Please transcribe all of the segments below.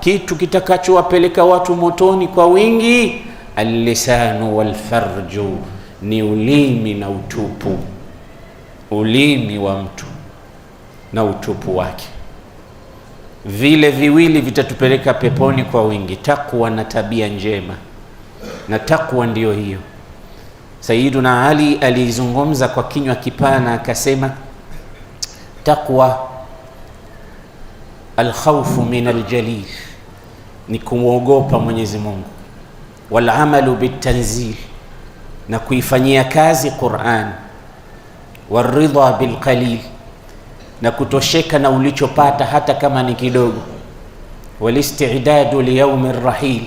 kitu kitakachowapeleka watu motoni kwa wingi, allisanu walfarju, ni ulimi na utupu, ulimi wa mtu na utupu wake, vile viwili vitatupeleka peponi kwa wingi, takwa na tabia njema. Na takwa ndiyo hiyo. Sayyiduna Ali alizungumza kwa kinywa kipana, akasema takwa alkhaufu min aljalil ni kumwogopa Mwenyezi Mungu, walamalu bitanzil, na kuifanyia kazi Qur'an, waridha bilqalil, na kutosheka na ulichopata hata kama ni kidogo, walistidadu liyaumi rahil,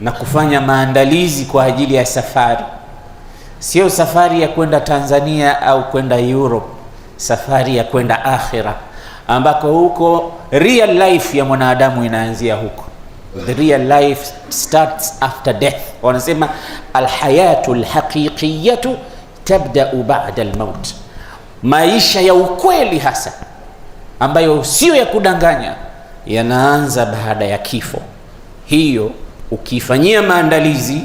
na kufanya maandalizi kwa ajili ya safari. Sio safari ya kwenda Tanzania au kwenda Europe, safari ya kwenda akhira, ambako huko real life ya mwanadamu inaanzia huko The real life starts after death. Wanasema alhayatu lhaqiqiyatu tabdau ba'da almaut, maisha ya ukweli hasa ambayo sio ya kudanganya yanaanza baada ya kifo. Hiyo ukiifanyia maandalizi,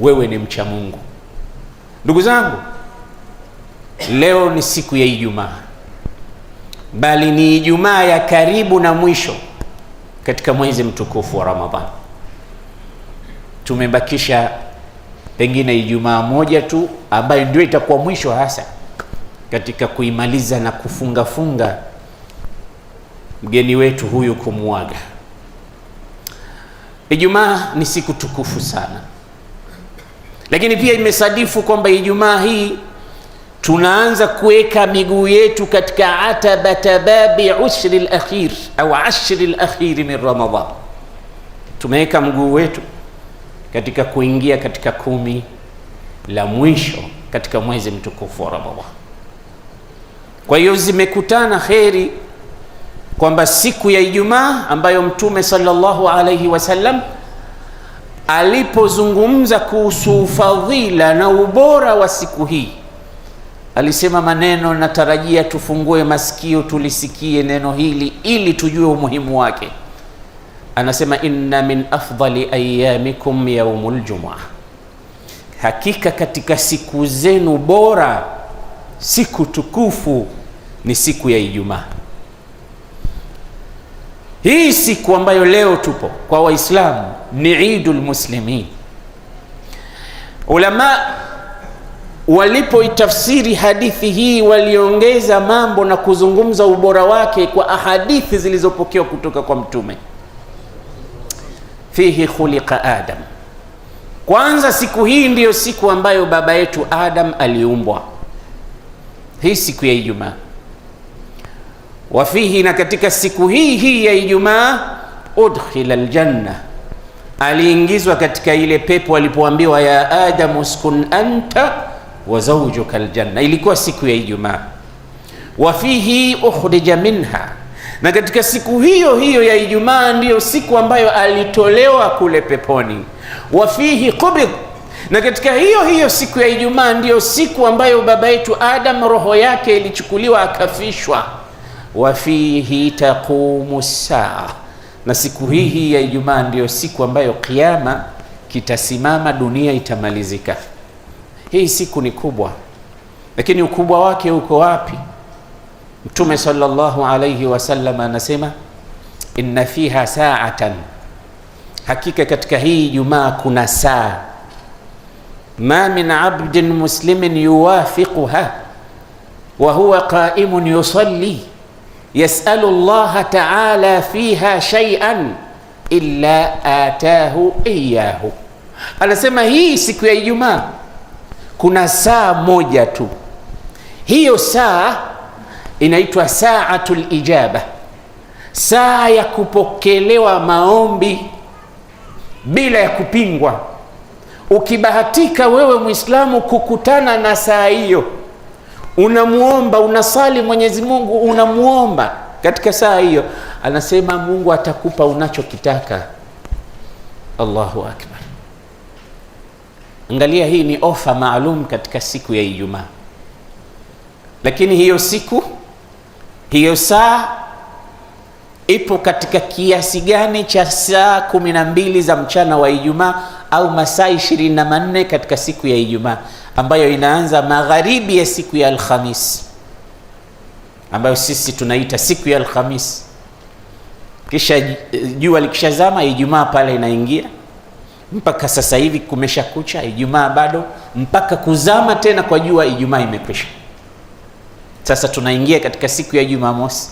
wewe ni mcha Mungu. Ndugu zangu, leo ni siku ya Ijumaa, bali ni Ijumaa ya karibu na mwisho katika mwezi mtukufu wa Ramadhani. Tumebakisha pengine Ijumaa moja tu ambayo ndio itakuwa mwisho hasa katika kuimaliza na kufunga funga mgeni wetu huyu kumwaga. Ijumaa ni siku tukufu sana, lakini pia imesadifu kwamba Ijumaa hii tunaanza kuweka miguu yetu katika atabata babi ushri lakhir au ashri lakhiri min Ramadan. Tumeweka mguu wetu katika kuingia katika kumi la mwisho katika mwezi mtukufu wa Ramadhan. Kwa hiyo zimekutana kheri kwamba siku ya Ijumaa ambayo Mtume sallallahu alaihi wasallam alipozungumza kuhusu ufadhila na ubora wa siku hii Alisema maneno natarajia tufungue masikio tulisikie neno hili ili tujue umuhimu wake. Anasema inna min afdali ayamikum yaumul jumaa, hakika katika siku zenu bora, siku tukufu ni siku ya Ijumaa. Hii siku ambayo leo tupo kwa Waislamu ni Idul Muslimin. Ulama Walipoitafsiri hadithi hii waliongeza mambo na kuzungumza ubora wake kwa ahadithi zilizopokewa kutoka kwa Mtume. Fihi khuliqa Adam, kwanza siku hii ndiyo siku ambayo baba yetu Adam aliumbwa, hii siku ya Ijumaa. wafihi na katika siku hii hii ya Ijumaa, udkhila aljanna aliingizwa katika ile pepo alipoambiwa, ya Adam uskun anta wa zawjuka ilikuwa siku ya Ijumaa. Wa fihi ukhrija minha, na katika siku hiyo hiyo ya Ijumaa ndiyo siku ambayo alitolewa kule peponi. Wa fihi qubid, na katika hiyo hiyo siku ya Ijumaa ndiyo siku ambayo baba yetu Adam roho yake ilichukuliwa akafishwa. Wa fihi taqumu saa, na siku hii hii ya Ijumaa ndiyo siku ambayo kiama kitasimama, dunia itamalizika. Hii siku ni kubwa, lakini ukubwa wake uko wapi? Mtume sallallahu alayhi wasallam anasema inna fiha sa'atan, hakika katika hii Jumaa kuna saa, ma min abdin muslimin yuwafiquha wa huwa qaimun yusalli yasalu llaha taala fiha shay'an illa atahu iyahu. Anasema hii siku ya Ijumaa kuna saa moja tu. Hiyo saa inaitwa saatul ijaba, saa ya kupokelewa maombi bila ya kupingwa. Ukibahatika wewe Mwislamu kukutana na saa hiyo, unamwomba unasali Mwenyezi Mungu, unamwomba katika saa hiyo, anasema Mungu atakupa unachokitaka. Allahu akbar. Angalia, hii ni ofa maalum katika siku ya Ijumaa, lakini hiyo siku hiyo saa ipo katika kiasi gani cha saa kumi na mbili za mchana wa Ijumaa au masaa ishirini na manne katika siku ya Ijumaa ambayo inaanza magharibi ya siku ya Alhamis ambayo sisi tunaita siku ya Alhamis, kisha eh, jua likishazama Ijumaa pale inaingia mpaka sasa hivi kumesha kucha, Ijumaa bado mpaka kuzama tena kwa jua, Ijumaa imekwisha. Sasa tunaingia katika siku ya Jumamosi,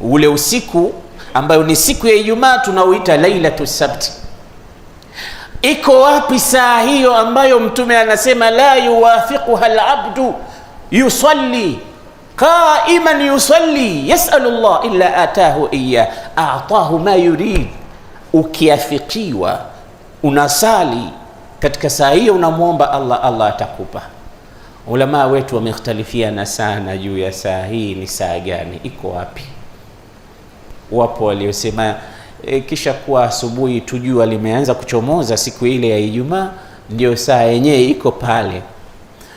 ule usiku ambayo ni siku ya Ijumaa tunauita lailatu sabti. Iko wapi saa hiyo ambayo Mtume anasema la yuwafiquha labdu yusalli qaiman yusalli yasalu llah illa atahu iya atahu ma yurid. Ukiafikiwa unasali katika saa hiyo unamwomba Allah, Allah atakupa. Ulamaa wetu wamekhtalifiana sana juu ya saa hii ni saa gani, iko wapi? Wapo waliosema e, kisha kuwa asubuhi tu jua limeanza kuchomoza siku ile ya Ijumaa, ndio saa yenyewe iko pale.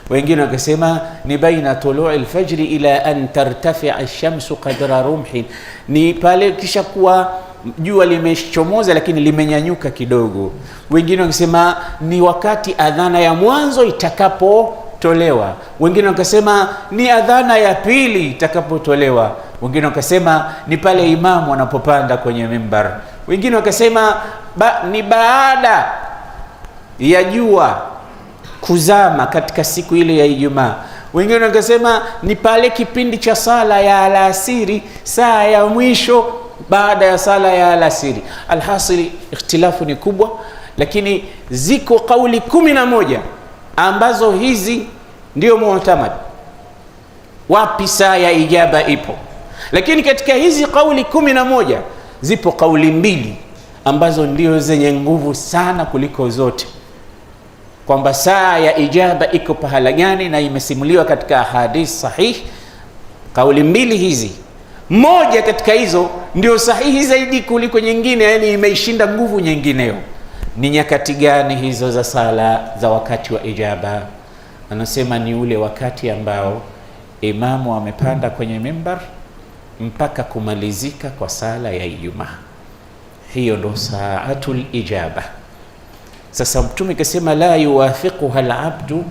Wengine wakasema ni baina tului lfajri ila an tartafia lshamsu qadra rumhin, ni pale kisha kuwa jua limechomoza lakini limenyanyuka kidogo. Wengine wakisema ni wakati adhana ya mwanzo itakapotolewa, wengine wakasema ni adhana ya pili itakapotolewa, wengine wakasema ni pale imamu anapopanda kwenye mimbar, wengine wakasema ba, ni baada ya jua kuzama katika siku ile ya Ijumaa wengine wakasema ni pale kipindi cha sala ya alasiri, saa ya mwisho baada ya sala ya alasiri. Alhasili, ikhtilafu ni kubwa, lakini ziko kauli kumi na moja ambazo hizi ndio mutamad wapi saa ya ijaba ipo. Lakini katika hizi kauli kumi na moja zipo kauli mbili ambazo ndio zenye nguvu sana kuliko zote, kwamba saa ya ijaba iko pahala gani, na imesimuliwa katika ahadith sahih. Kauli mbili hizi moja katika hizo ndio sahihi zaidi kuliko nyingine, yani imeishinda nguvu nyingineyo. Ni nyakati gani hizo za sala za wakati wa ijaba? Anasema ni ule wakati ambao imamu amepanda kwenye mimbar mpaka kumalizika kwa sala ya Ijumaa. Hiyo ndo saatul ijaba. Sasa Mtume kasema la yuwafiquha alabdu,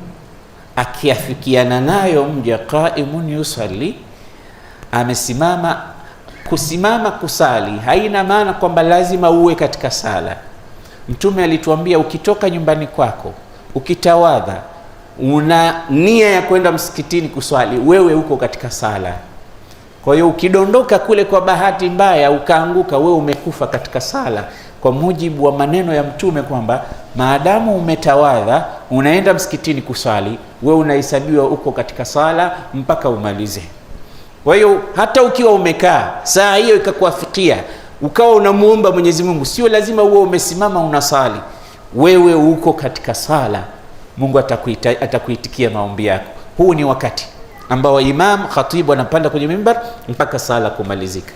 akiafikiana nayo mja qaimun yusalli amesimama. Kusimama kusali haina maana kwamba lazima uwe katika sala. Mtume alituambia ukitoka nyumbani kwako ukitawadha una nia ya kwenda msikitini kuswali, wewe uko katika sala. Kwa hiyo ukidondoka kule kwa bahati mbaya ukaanguka, wewe umekufa katika sala, kwa mujibu wa maneno ya Mtume kwamba maadamu umetawadha unaenda msikitini kuswali, wewe unahesabiwa uko katika sala mpaka umalize. Kwa hiyo hata ukiwa umekaa saa hiyo ikakuafikia ukawa unamuomba Mwenyezi Mungu, sio lazima uwe umesimama unasali. Wewe uko katika sala, Mungu atakuita, atakuitikia maombi yako. Huu ni wakati ambao imam khatibu anapanda kwenye mimbar mpaka sala kumalizika.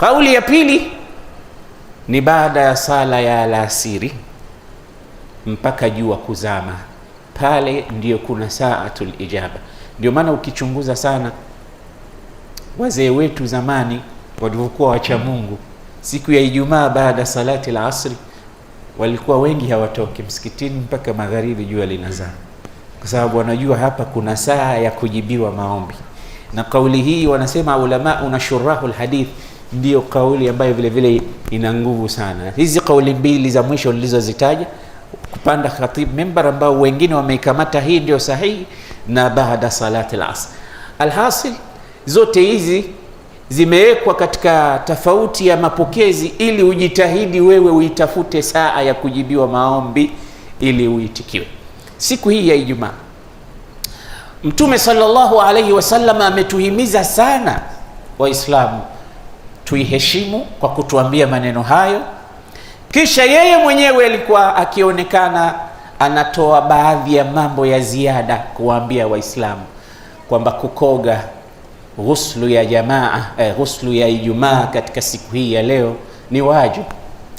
Kauli ya pili ni baada ya sala ya alasiri mpaka jua kuzama, pale ndiyo kuna saatul ijaba. Ndio maana ukichunguza sana wazee wetu zamani walivyokuwa wacha Mungu, siku ya Ijumaa baada salati la asri walikuwa wengi hawatoki msikitini mpaka magharibi jua linazama, kwa sababu wanajua hapa kuna saa ya kujibiwa maombi. Na kauli hii wanasema ulama una shurahu lhadith, ndiyo kauli ambayo vile vile ina nguvu sana. Hizi kauli mbili za mwisho nilizozitaja, kupanda khatib mimbar, ambao wengine wameikamata hii ndio sahihi, na baada salati al asr. Alhasil Zote hizi zimewekwa katika tofauti ya mapokezi, ili ujitahidi wewe uitafute saa ya kujibiwa maombi ili uitikiwe. Siku hii ya Ijumaa, Mtume sallallahu alaihi wasallam ametuhimiza sana Waislamu tuiheshimu kwa kutuambia maneno hayo. Kisha yeye mwenyewe alikuwa akionekana anatoa baadhi ya mambo ya ziada kuwaambia Waislamu kwamba kukoga ghuslu ya jamaa eh, ghuslu ya Ijumaa katika siku hii ya leo ni wajib.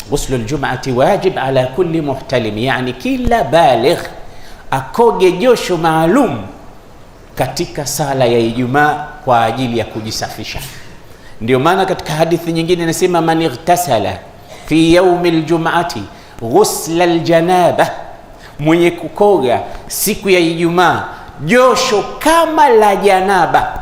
Ghuslu ljumati wajib ala kulli muhtalim, yani kila baligh akoge josho maalum katika sala ya Ijumaa kwa ajili ya kujisafisha. Ndio maana katika hadithi nyingine inasema man ightasala fi yaumi ljumati ghusla ljanaba, mwenye kukoga siku ya Ijumaa josho kama la janaba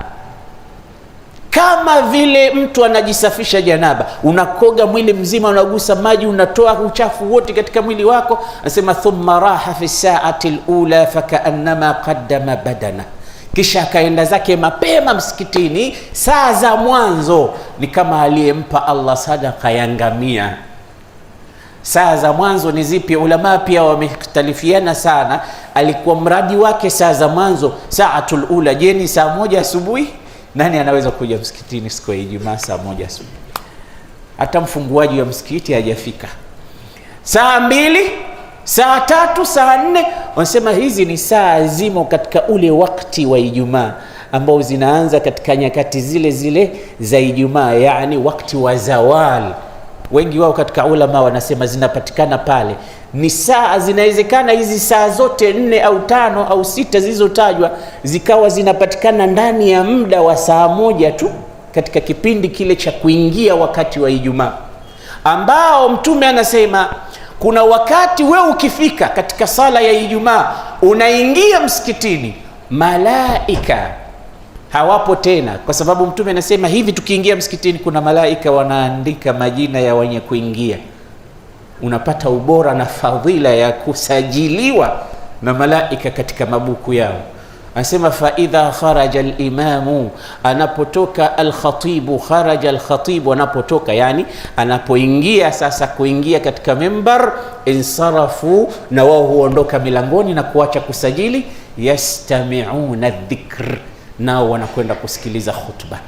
kama vile mtu anajisafisha janaba, unakoga mwili mzima, unagusa maji, unatoa uchafu wote katika mwili wako. Anasema thumma raha fi saati lula fakaannama qaddama badana, kisha akaenda zake mapema msikitini saa za mwanzo, ni kama aliyempa Allah sadaka ya ngamia. Saa za mwanzo ni zipi? Ulamaa pia wamekhtalifiana sana. Alikuwa mradi wake saa za mwanzo, saatul ula, je, ni saa moja asubuhi nani anaweza kuja msikitini siku ya Ijumaa saa moja asubuhi? Hata mfunguaji wa msikiti hajafika. Saa mbili, saa tatu, saa nne, wanasema hizi ni saa zimo katika ule wakati wa Ijumaa ambao zinaanza katika nyakati zile zile za Ijumaa, yaani wakati wa zawal Wengi wao katika ulama wanasema zinapatikana pale ni saa, zinawezekana hizi saa zote nne au tano au sita zilizotajwa zikawa zinapatikana ndani ya muda wa saa moja tu katika kipindi kile cha kuingia wakati wa Ijumaa, ambao Mtume anasema kuna wakati we ukifika katika sala ya Ijumaa unaingia msikitini, malaika hawapo tena, kwa sababu Mtume anasema hivi, tukiingia msikitini kuna malaika wanaandika majina ya wenye kuingia unapata ubora na fadhila ya kusajiliwa na malaika katika mabuku yao. Anasema faidha kharaja limamu, anapotoka alkhatibu, kharaja alkhatibu, anapotoka yani anapoingia sasa, kuingia katika mimbar, insarafu, na wao huondoka milangoni na kuacha kusajili. Yastamiuna dhikr, nao wanakwenda kusikiliza khutba.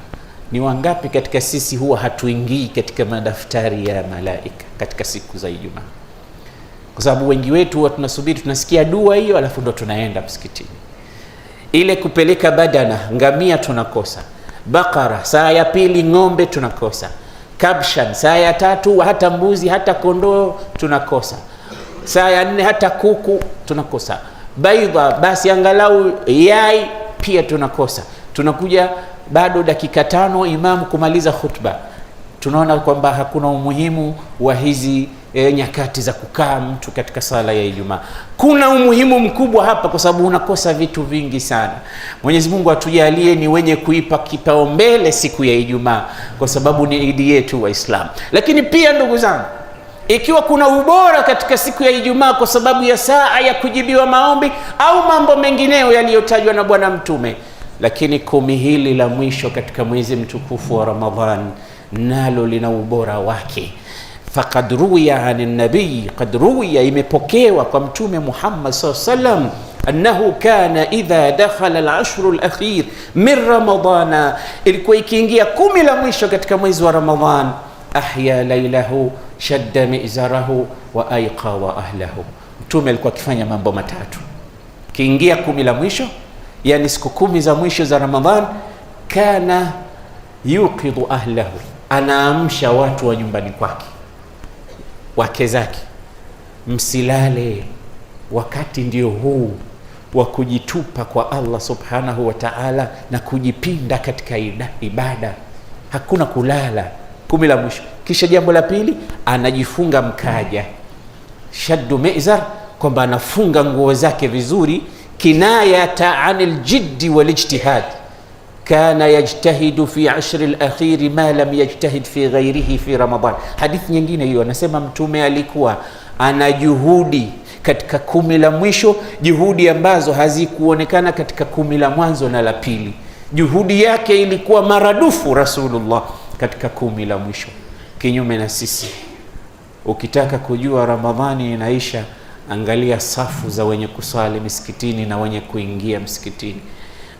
Ni wangapi katika sisi huwa hatuingii katika madaftari ya malaika katika siku za Ijumaa? Kwa sababu wengi wetu huwa tunasubiri, tunasikia dua hiyo, alafu ndo tunaenda msikitini. Ile kupeleka badana, ngamia tunakosa, bakara saa ya pili, ng'ombe tunakosa, kabshan saa ya tatu, hata mbuzi hata kondoo tunakosa, saa ya nne hata kuku tunakosa, baidha basi angalau yai pia tunakosa, tunakuja bado dakika tano imamu kumaliza khutba, tunaona kwamba hakuna umuhimu wa hizi e, nyakati za kukaa mtu katika sala ya Ijumaa. Kuna umuhimu mkubwa hapa, kwa sababu unakosa vitu vingi sana. Mwenyezi Mungu atujalie ni wenye kuipa kipaumbele siku ya Ijumaa, kwa sababu ni idi yetu waislam Lakini pia ndugu zangu, ikiwa kuna ubora katika siku ya Ijumaa kwa sababu ya saa ya kujibiwa maombi au mambo mengineo yaliyotajwa na Bwana Mtume lakini kumi hili la mwisho katika mwezi mtukufu wa Ramadhan nalo lina ubora wake. Faqad ruwiya ani nabii, qad ruwiya, imepokewa kwa Mtume Muhammad sallallahu alaihi wasallam annahu kana idha dakhala al-ashru al-akhir min ramadana, ilikuwa ikiingia kumi la mwisho katika mwezi wa Ramadhan, ahya lailahu shadda mizarahu wa aiqa wa ahlahu. Mtume alikuwa akifanya mambo matatu: kiingia kumi la mwisho yani siku kumi za mwisho za Ramadhan, kana yuqidhu ahlahu, anaamsha watu wa nyumbani kwake, wake zake, msilale, wakati ndio huu wa kujitupa kwa Allah subhanahu wa ta'ala na kujipinda katika ibada, hakuna kulala kumi la mwisho. Kisha jambo la pili anajifunga mkaja, shaddu mizar, kwamba anafunga nguo zake vizuri kinayata an ljiddi walijtihad kana yajtahidu fi ashri lakhiri ma lam yajtahid fi ghairihi fi Ramadan. Hadithi nyingine hiyo anasema Mtume alikuwa ana juhudi katika kumi la mwisho, juhudi ambazo hazikuonekana katika kumi la mwanzo na la pili. Juhudi yake ilikuwa maradufu Rasulullah katika kumi la mwisho, kinyume na sisi. Ukitaka kujua Ramadhani inaisha angalia safu za wenye kusali misikitini na wenye kuingia msikitini,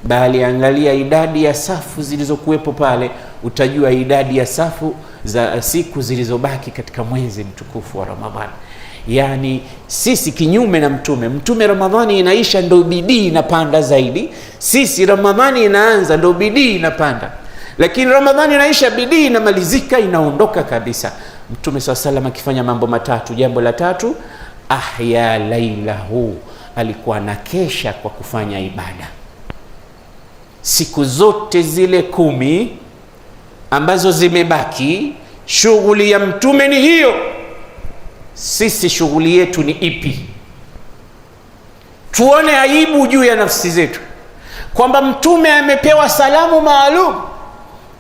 bali angalia idadi ya safu zilizokuwepo pale, utajua idadi ya safu za siku zilizobaki katika mwezi mtukufu wa Ramadhani. Yaani sisi kinyume na Mtume. Mtume Ramadhani inaisha ndo bidii inapanda zaidi, sisi Ramadhani inaanza ndo bidii inapanda, lakini Ramadhani inaisha bidii inamalizika, inaondoka kabisa. Mtume swalla salam akifanya mambo matatu, jambo la tatu ahya lailahu, alikuwa anakesha kwa kufanya ibada siku zote zile kumi ambazo zimebaki. Shughuli ya mtume ni hiyo. Sisi shughuli yetu ni ipi? Tuone aibu juu ya nafsi zetu kwamba mtume amepewa salamu maalum,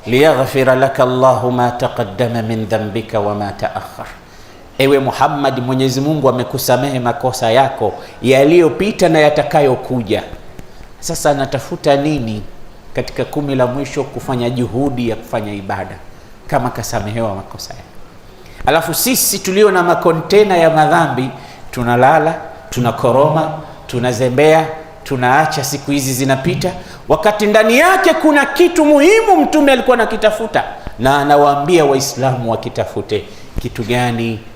liyaghfira laka llahu ma taqaddama min dhanbika wa ma taakhara Ewe Muhammad, Mwenyezi Mungu amekusamehe makosa yako yaliyopita na yatakayokuja. Sasa anatafuta nini katika kumi la mwisho? Kufanya juhudi ya kufanya ibada kama kasamehewa makosa yake. Alafu sisi tulio na makontena ya madhambi tunalala, tunakoroma, tunazembea, tunaacha siku hizi zinapita, wakati ndani yake kuna kitu muhimu Mtume alikuwa anakitafuta, na anawaambia Waislamu wakitafute kitu gani?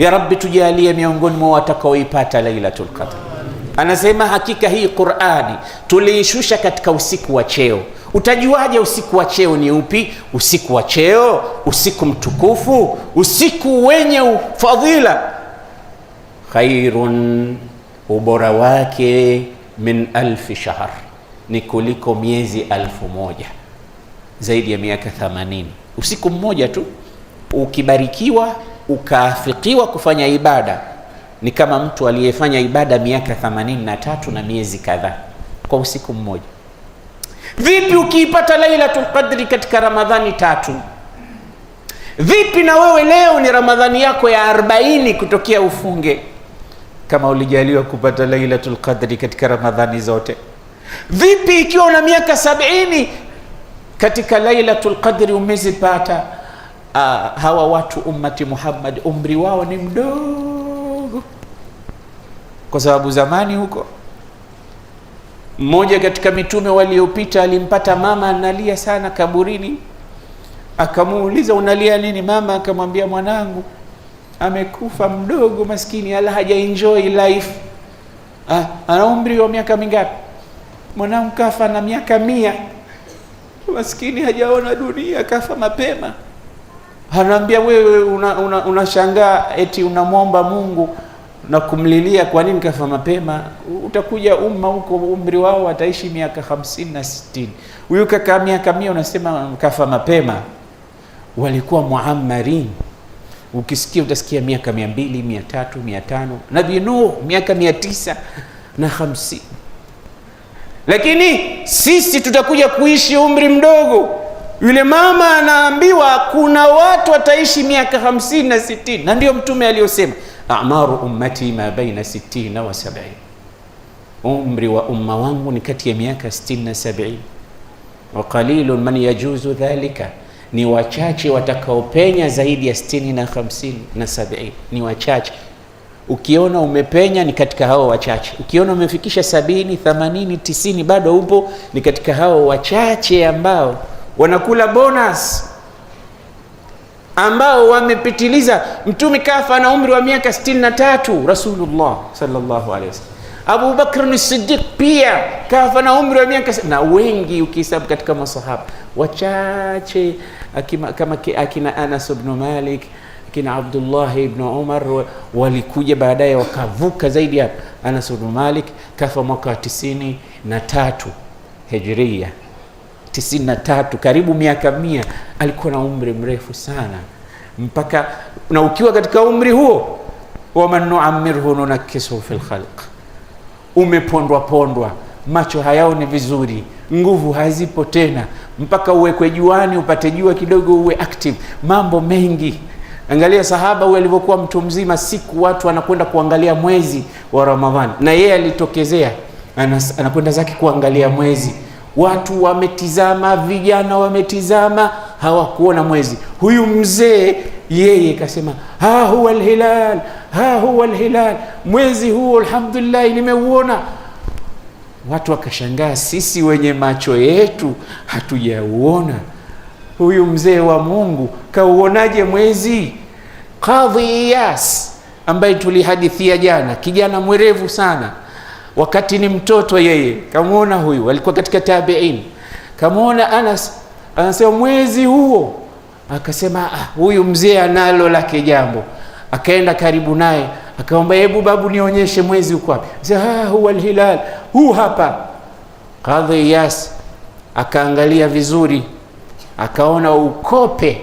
ya Rabbi, tujalie miongoni mwa watakaoipata Lailatul Qadr. Anasema hakika hii Qur'ani tuliishusha katika usiku wa cheo. Utajuaje usiku wa cheo ni upi? Usiku wa cheo, usiku mtukufu, usiku wenye fadhila. Khairun, ubora wake min alfi shahr, ni kuliko miezi alfu moja, zaidi ya miaka 80. Usiku mmoja tu ukibarikiwa ukaafikiwa kufanya ibada ni kama mtu aliyefanya ibada miaka 83 na tatu na miezi kadhaa kwa usiku mmoja. Vipi ukiipata Lailatul Qadri katika Ramadhani tatu? Vipi na wewe leo ni Ramadhani yako ya 40 kutokea ufunge, kama ulijaliwa kupata Lailatul Qadri katika Ramadhani zote? Vipi ikiwa una miaka sabini katika Lailatul Qadri umezipata uh, hawa watu ummati Muhammad umri wao ni mdogo, kwa sababu zamani huko mmoja katika mitume waliopita alimpata mama analia sana kaburini, akamuuliza unalia nini mama? Akamwambia mwanangu amekufa mdogo, maskini, ala haja enjoy life. Ah, ana umri wa miaka mingapi? Mwanangu kafa na miaka mia, maskini hajaona dunia, kafa mapema. Anaambia wewe unashangaa una, una eti unamwomba Mungu na kumlilia, kwa nini kafa mapema? Utakuja umma huko umri wao wataishi miaka hamsini na sitini. Huyu kaka miaka mia unasema kafa mapema, walikuwa muammarin. Ukisikia utasikia miaka mia mbili mia tatu mia tano Nabii Nuh miaka mia tisa na hamsini, lakini sisi tutakuja kuishi umri mdogo yule mama anaambiwa kuna watu wataishi miaka hamsini na sitini, na ndio Mtume aliyosema amaru ummati ma baina sittina wa sabini, umri wa umma wangu ni kati ya miaka sitini na sabini. Wa qalilun man yajuzu dhalika, ni wachache watakaopenya zaidi ya sitini na hamsini na sabini, ni wachache. Ukiona umepenya ni katika hao wachache. Ukiona umefikisha sabini, themanini, tisini, bado upo, ni katika hao wachache ambao wanakula bonus ambao wamepitiliza. Mtume kafa na umri wa miaka 63, Rasulullah sallallahu alaihi wasallam. Abu Bakr siddiq pia kafa na umri wa miaka na wengi, ukihesabu katika masahaba wachache akima, kama akina Anas ibn Malik akina Abdullah ibn Umar walikuja baadaye wakavuka zaidi ya Anas ibn Malik kafa mwaka wa 93 hijria tisini na tatu, karibu miaka mia. Alikuwa na umri mrefu sana mpaka, na ukiwa katika umri huo, waman nuamirhu nunakisuhu fil khalq, umepondwa pondwa, macho hayaoni vizuri, nguvu hazipo tena, mpaka uwekwe juani, upate jua kidogo, uwe active, mambo mengi Angalia sahaba huyu alivyokuwa mtu mzima, siku watu anakwenda kuangalia mwezi wa Ramadhani, na yeye alitokezea anakwenda zake kuangalia mwezi. Watu wametizama, vijana wametizama, hawakuona mwezi. Huyu mzee yeye kasema, ha huwa alhilal, ha huwa alhilal, mwezi huo alhamdulillahi, nimeuona. Watu wakashangaa, sisi wenye macho yetu hatujauona, huyu mzee wa Mungu kauonaje mwezi? Kadhi Iyas ambaye tulihadithia jana, kijana mwerevu sana wakati ni mtoto yeye, kamwona huyu, alikuwa katika tabiin, kamwona Anas anasema mwezi huo, akasema ah, huyu mzee analo lake jambo. Akaenda karibu naye akamwambia, hebu babu, nionyeshe mwezi uko wapi? Sasa ah, huwa alhilal, huu hapa. Kadhi yas akaangalia vizuri, akaona ukope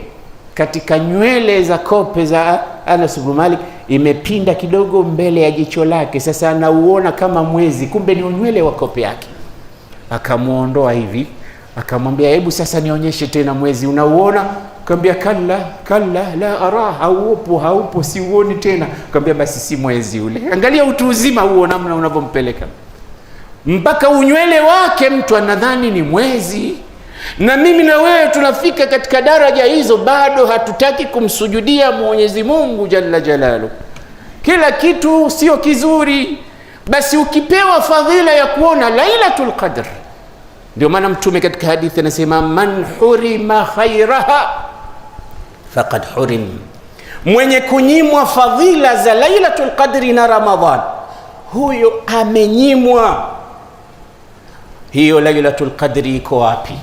katika nywele za kope za Anas ibn Malik imepinda kidogo mbele ya jicho lake, sasa anauona kama mwezi, kumbe ni unywele wa kope yake. Akamwondoa hivi, akamwambia hebu sasa nionyeshe tena mwezi unauona? Kaambia kalla kalla la ara, haupo haupo, siuoni tena. Kaambia basi si mwezi ule. Angalia utu uzima huo, namna unavyompeleka mpaka unywele wake, mtu anadhani ni mwezi na mimi na wewe tunafika katika daraja hizo, bado hatutaki kumsujudia Mwenyezi Mungu jalla jalalu. Kila kitu sio kizuri, basi ukipewa fadhila ya kuona Lailatul Qadr. Ndio maana Mtume katika hadithi anasema, man hurima khairaha faqad hurim, mwenye kunyimwa fadhila za Lailatul Qadri na Ramadhan, huyo amenyimwa. Hiyo Lailatul Qadri iko wapi?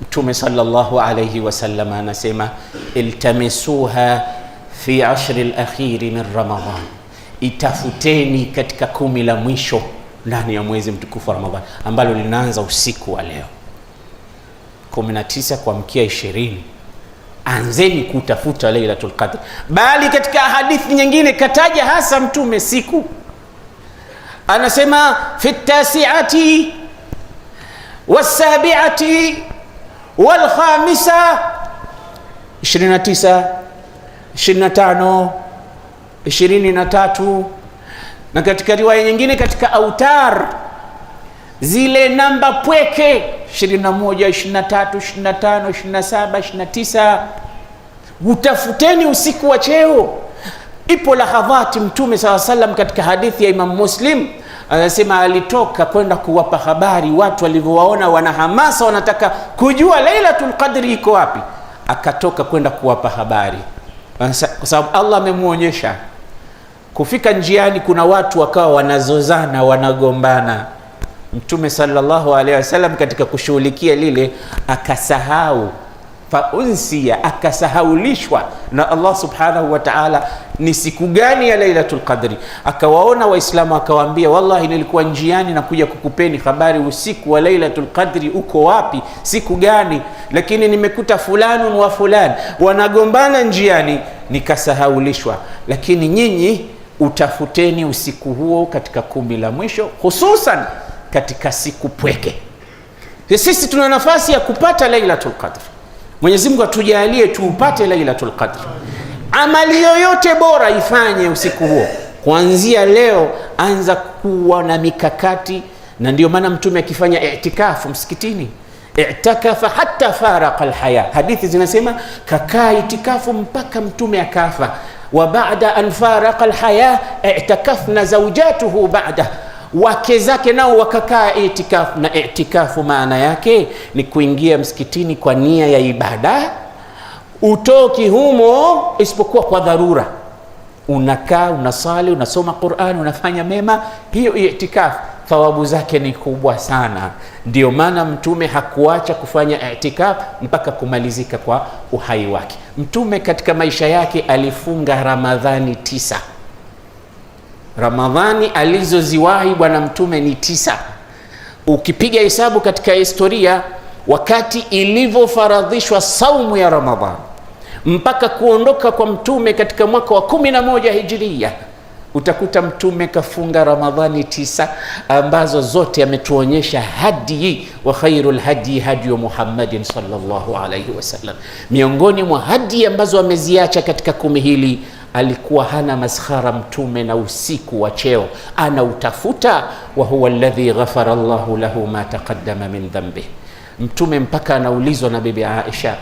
Mtume sallallahu alayhi wasallam anasema iltamisuha fi ashri lakhiri min Ramadan, itafuteni katika kumi la mwisho ndani ya mwezi mtukufu wa Ramadhani ambalo linaanza usiku wa leo 19 kuamkia 20. Anzeni kutafuta Lailatul Qadr, bali katika hadithi nyingine kataja hasa Mtume siku anasema fi tasiati wasabiati wal khamisa 29 25 23 na katika riwaya nyingine katika autar zile namba pweke 21 23 25 27 29 utafuteni usiku wa cheo. Ipo lahadhati Mtume saw salam katika hadithi ya Imamu Muslim anasema alitoka kwenda kuwapa habari watu walivyowaona wana hamasa, wanataka kujua Lailatul Qadri iko wapi, akatoka kwenda kuwapa habari, kwa sababu Allah amemwonyesha. Kufika njiani, kuna watu wakawa wanazozana, wanagombana. Mtume sallallahu alaihi wasallam katika kushughulikia lile akasahau faunsiya, akasahaulishwa na Allah subhanahu wa ta'ala. Ni siku gani ya Lailatul Qadri? Akawaona Waislamu akawaambia, wallahi nilikuwa njiani na kuja kukupeni habari usiku wa Lailatul Qadri uko wapi, siku gani, lakini nimekuta fulanun wa fulani wanagombana njiani, nikasahaulishwa. Lakini nyinyi utafuteni usiku huo katika kumi la mwisho, hususan katika siku pweke. Sisi tuna nafasi ya kupata Lailatul Qadri. Mwenyezi Mungu atujalie tuupate Lailatul Qadr. Amali yoyote bora ifanye usiku huo. Kuanzia leo anza kuwa na mikakati, na ndio maana Mtume akifanya itikafu msikitini, itakafa hata faraqa alhaya, hadithi zinasema kakaa itikafu mpaka Mtume akafa. Wa baada an faraqa alhaya itakafna zaujatuhu baada wake zake nao wakakaa itikafu. Na itikafu maana yake ni kuingia msikitini kwa nia ya ibada, utoki humo isipokuwa kwa dharura. Unakaa, unasali, unasoma qurani unafanya mema. Hiyo itikafu thawabu zake ni kubwa sana. Ndio maana Mtume hakuacha kufanya itikaf mpaka kumalizika kwa uhai wake. Mtume katika maisha yake alifunga Ramadhani tisa. Ramadhani alizoziwahi Bwana Mtume ni tisa. Ukipiga hesabu katika historia, wakati ilivyofaradhishwa saumu ya Ramadhani mpaka kuondoka kwa Mtume katika mwaka wa kumi na moja hijiria, utakuta Mtume kafunga Ramadhani tisa ambazo zote ametuonyesha hadi wa khairul hadi hadi wa Muhammadin sallallahu alaihi wasallam. Miongoni mwa hadi ambazo ameziacha katika kumi hili alikuwa hana maskhara mtume na usiku wa cheo anautafuta. wa huwa alladhi ghafara Allahu lahu ma taqaddama min dhanbi. Mtume mpaka anaulizwa na bibi Aisha,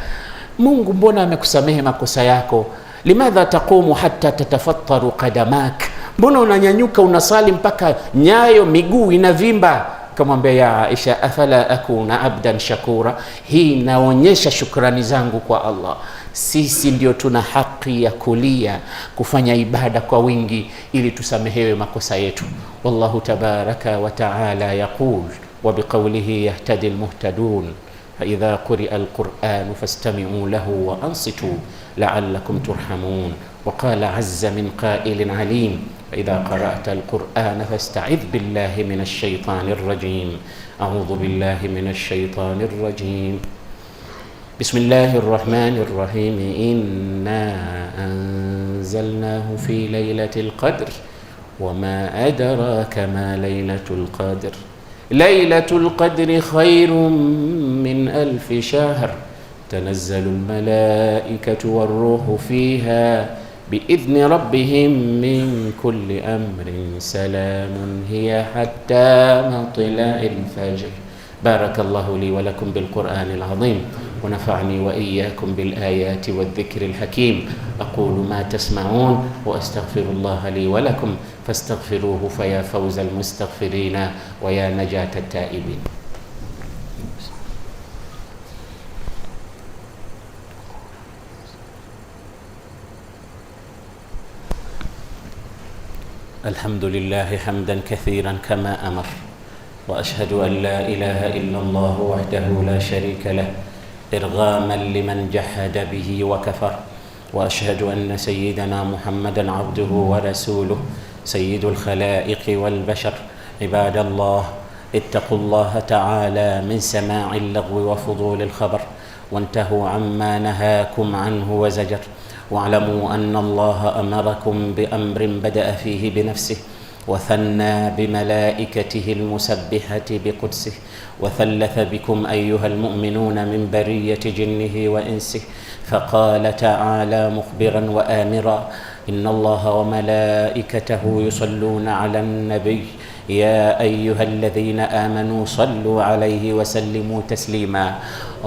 Mungu mbona amekusamehe makosa yako? limadha taqumu hatta tatafattaru qadamak, mbona unanyanyuka unasali mpaka nyayo miguu inavimba? Kamwambia ya Aisha, afala akuna abdan shakura, hii naonyesha shukrani zangu kwa Allah sisi ndio tuna haki ya kulia, kufanya ibada kwa wingi ili tusamehewe makosa yetu. Wallahu tabaraka wa taala yaqul wa biqawlihi yahtadi almuhtadun faidha quria alquran fastamiu lahu wa ansitu laalakum turhamun wa qala azza min qailin فإذا قرأت القرآن فاستعذ بالله من الشيطان الرجيم أعوذ بالله من الشيطان الرجيم بسم الله الرحمن الرحيم إنا أنزلناه في ليلة القدر وما أدراك ما ليلة القدر ليلة القدر خير من ألف شهر تنزل الملائكة والروح فيها بإذن ربهم من كل أمر سلام هي حتى مطلع الفجر بارك الله لي ولكم بالقرآن العظيم ونفعني واياكم بالايات والذكر الحكيم اقول ما تسمعون واستغفر الله لي ولكم فاستغفروه فيا فوز المستغفرين ويا نجاه التائبين الحمد لله حمدا كثيرا كما امر واشهد ان لا اله الا الله وحده لا شريك له إرغاما لمن جحد به وكفر وأشهد أن سيدنا محمدا عبده ورسوله سيد الخلائق والبشر عباد الله اتقوا الله تعالى من سماع اللغو وفضول الخبر وانتهوا عما نهاكم عنه وزجر واعلموا أن الله أمركم بأمر بدأ فيه بنفسه وثنى بملائكته المسبحه بقدسه وثلث بكم ايها المؤمنون من بريه جنه وانسه فقال تعالى مخبرا وامرا ان الله وملائكته يصلون على النبي يا ايها الذين امنوا صلوا عليه وسلموا تسليما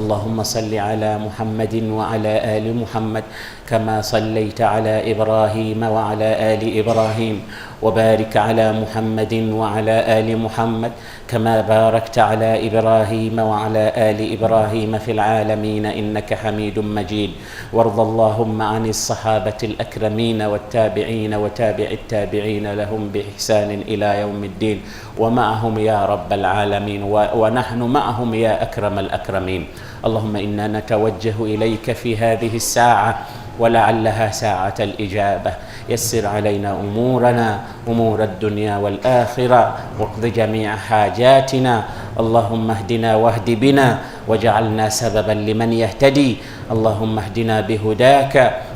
اللهم صل على محمد وعلى ال محمد كما صليت على ابراهيم وعلى ال ابراهيم وبارك على محمد وعلى ال محمد كما باركت على ابراهيم وعلى ال ابراهيم في العالمين انك حميد مجيد وارض اللهم عن الصحابه الاكرمين والتابعين وتابع التابعين لهم باحسان الى يوم الدين ومعهم يا رب العالمين ونحن معهم يا اكرم الاكرمين اللهم انا نتوجه اليك في هذه الساعه ولعلها ساعه الاجابه يسر علينا امورنا امور الدنيا والاخره واقض جميع حاجاتنا اللهم اهدنا واهد بنا واجعلنا سببا لمن يهتدي اللهم اهدنا بهداك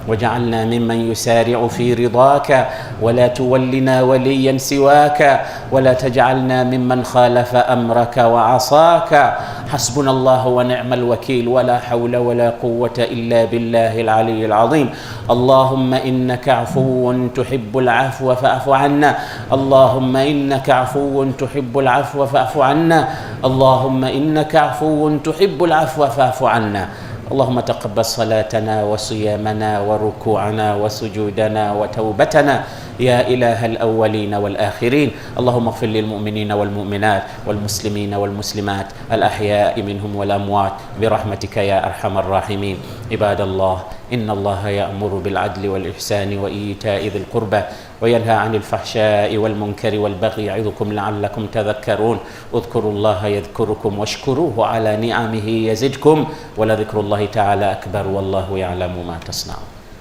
وجعلنا ممن يسارع في رضاك ولا تولنا وليا سواك ولا تجعلنا ممن خالف امرك وعصاك حسبنا الله ونعم الوكيل ولا حول ولا قوه الا بالله العلي العظيم اللهم انك عفو تحب العفو فاعف عنا اللهم انك عفو تحب العفو فاعف عنا اللهم انك عفو تحب العفو فاعف عنا اللهم تقبل صلاتنا وصيامنا وركوعنا وسجودنا وتوبتنا يا إله الأولين والآخرين اللهم اغفر للمؤمنين والمؤمنات والمسلمين والمسلمات الأحياء منهم والأموات برحمتك يا أرحم الراحمين عباد الله إن الله يأمر بالعدل والإحسان وإيتاء ذي القربى وينهى عن الفحشاء والمنكر والبغي يعظكم لعلكم تذكرون اذكروا الله يذكركم واشكروه على نعمه يزدكم ولذكر الله تعالى أكبر والله يعلم ما تصنعون